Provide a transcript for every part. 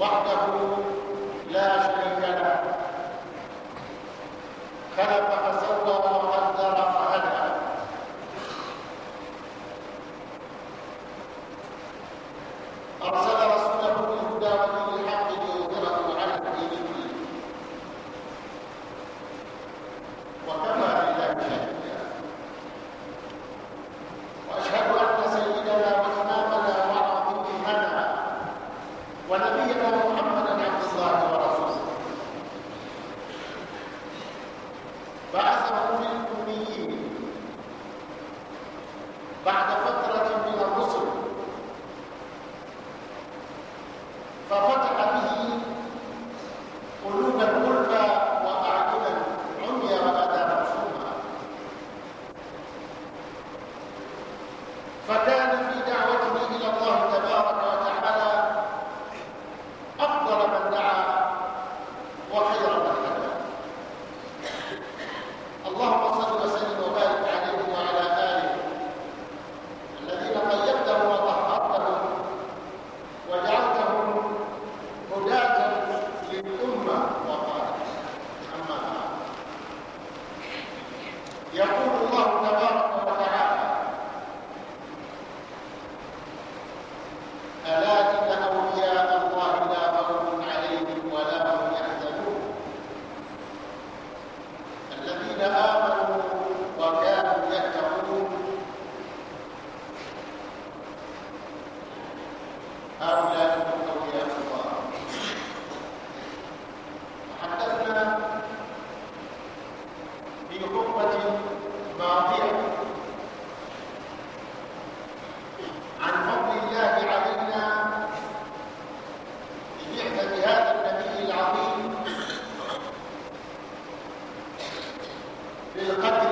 وحده لا شريك له خلق يقدم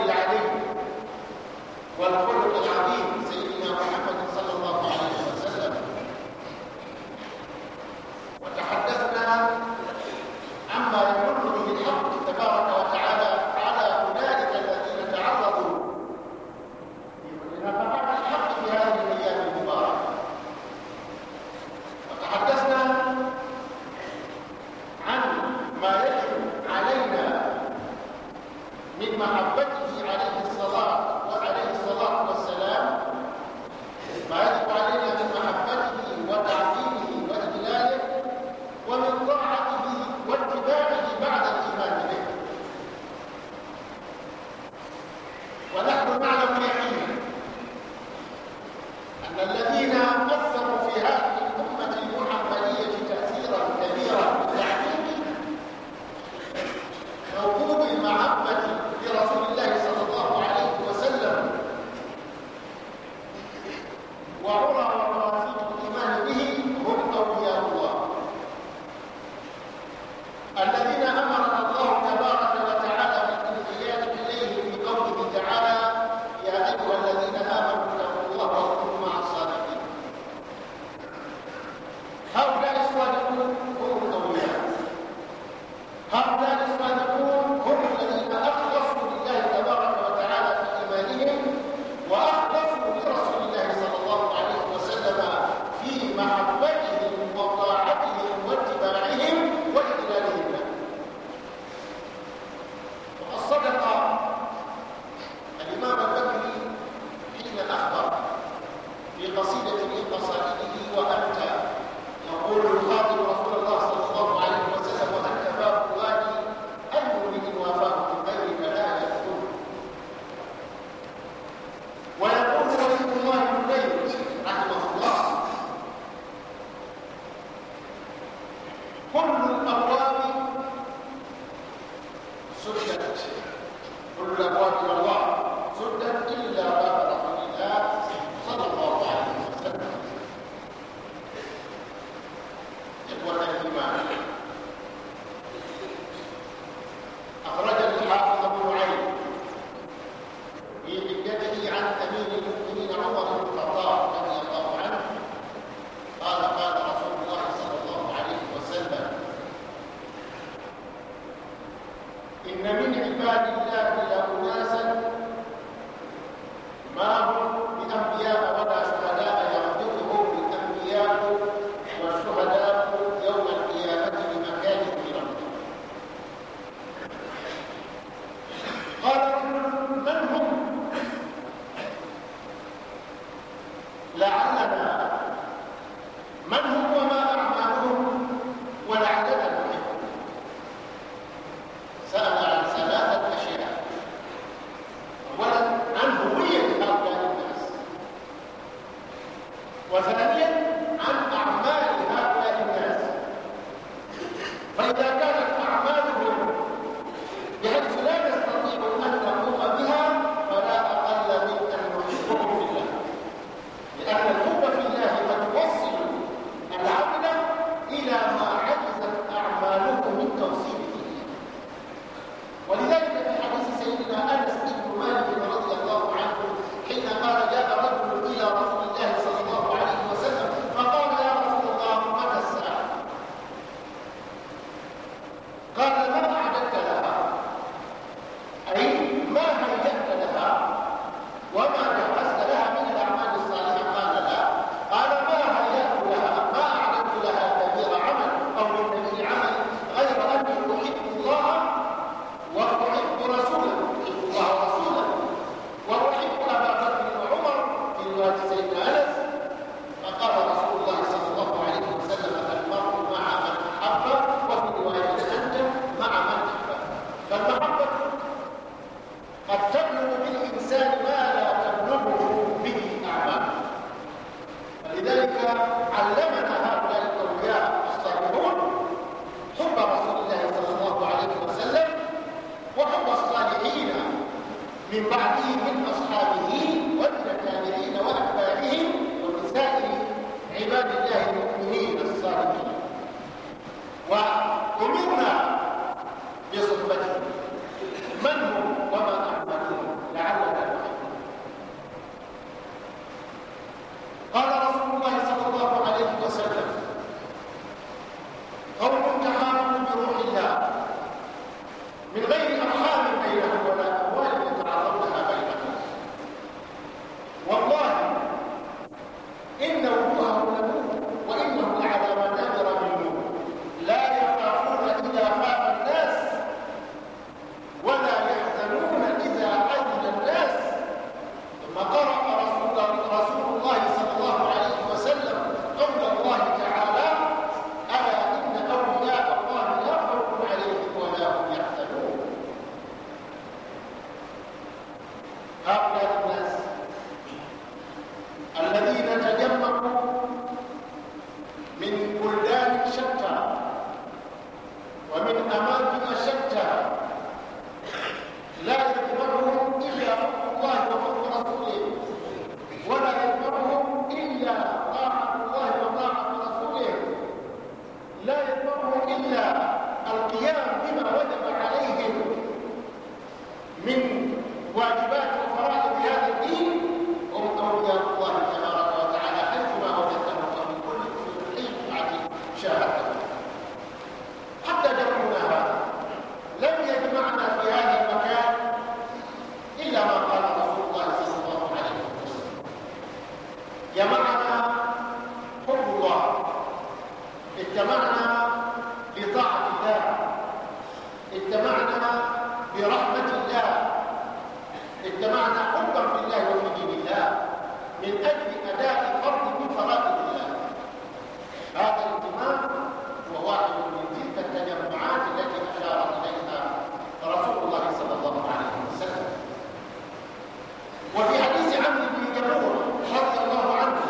وفي حديث عمرو بن جبور رضي الله عنه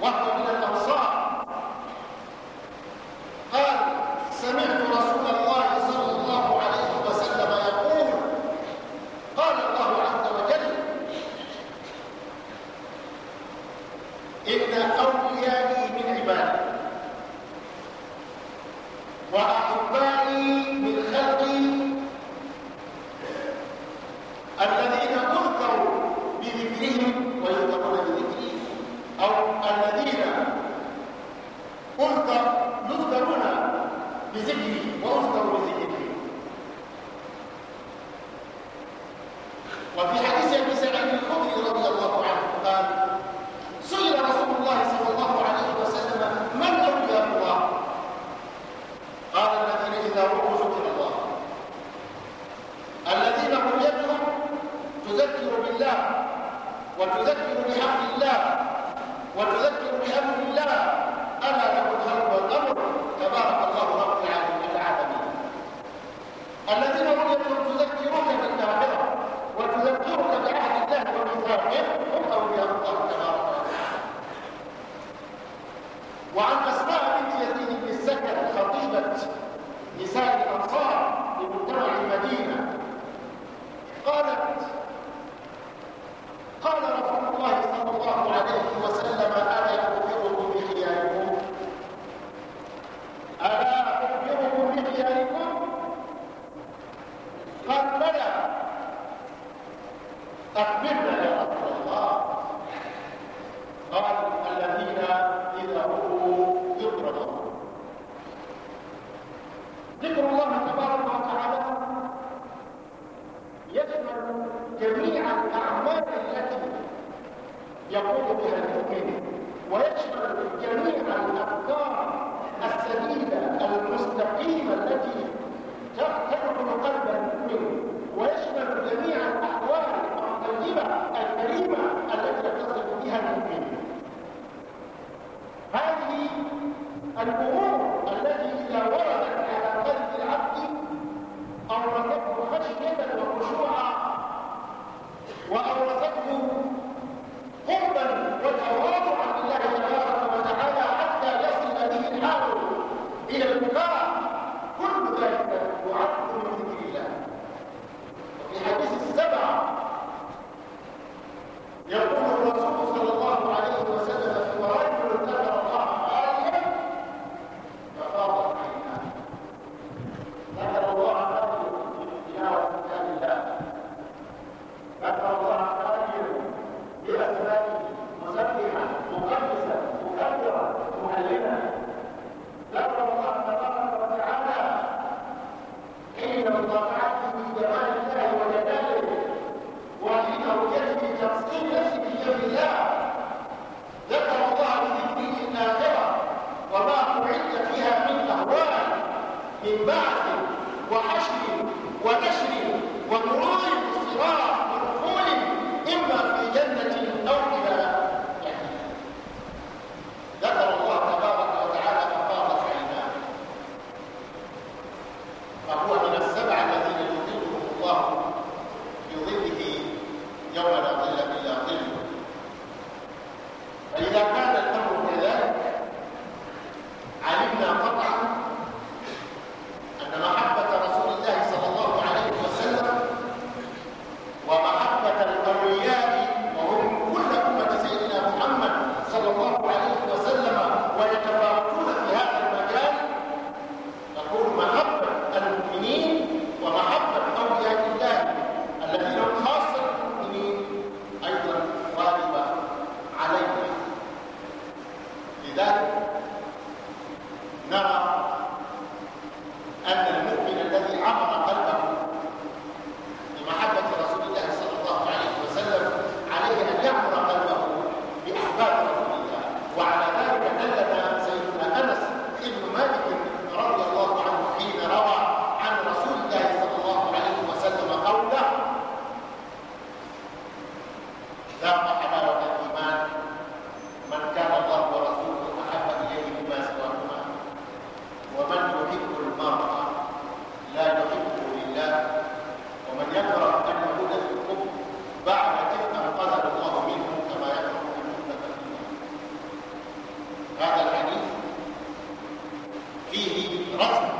وقت وتذكر بحمد الله وتذكر بأمر الله أنا تكون يقوم بها المؤمن ويشمل جميع الافكار السديده المستقيمه التي تقتل قلب المؤمن ويشمل جميع الاحوال الطيبه الكريمه التي يتصف بها المؤمن هذه الامور Latvia.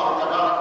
الله تبارك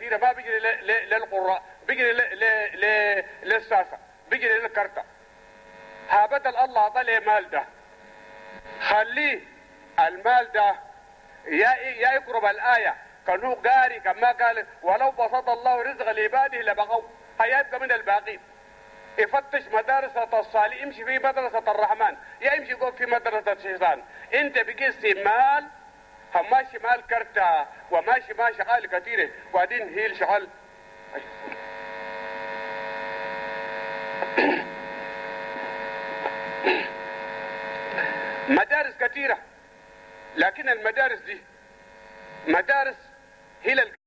الذين ما بيجري للقراء بيجري للساسة بيجري للكرتة ها بدل الله ضل مال ده خليه المال ده يا إيه- يا يقرب الآية كانوا قاري كما قال ولو بسط الله رزق لعباده لبغوا هيبقى من الباقين يفتش مدارس الصالح يمشي في مدرسة الرحمن يا يمشي يقول في مدرسة الشيطان انت بقيس مال اما شمال كرتا وماشي شمال شغال كثيره وبعدين هي الشعال مدارس كثيره لكن المدارس دي مدارس هي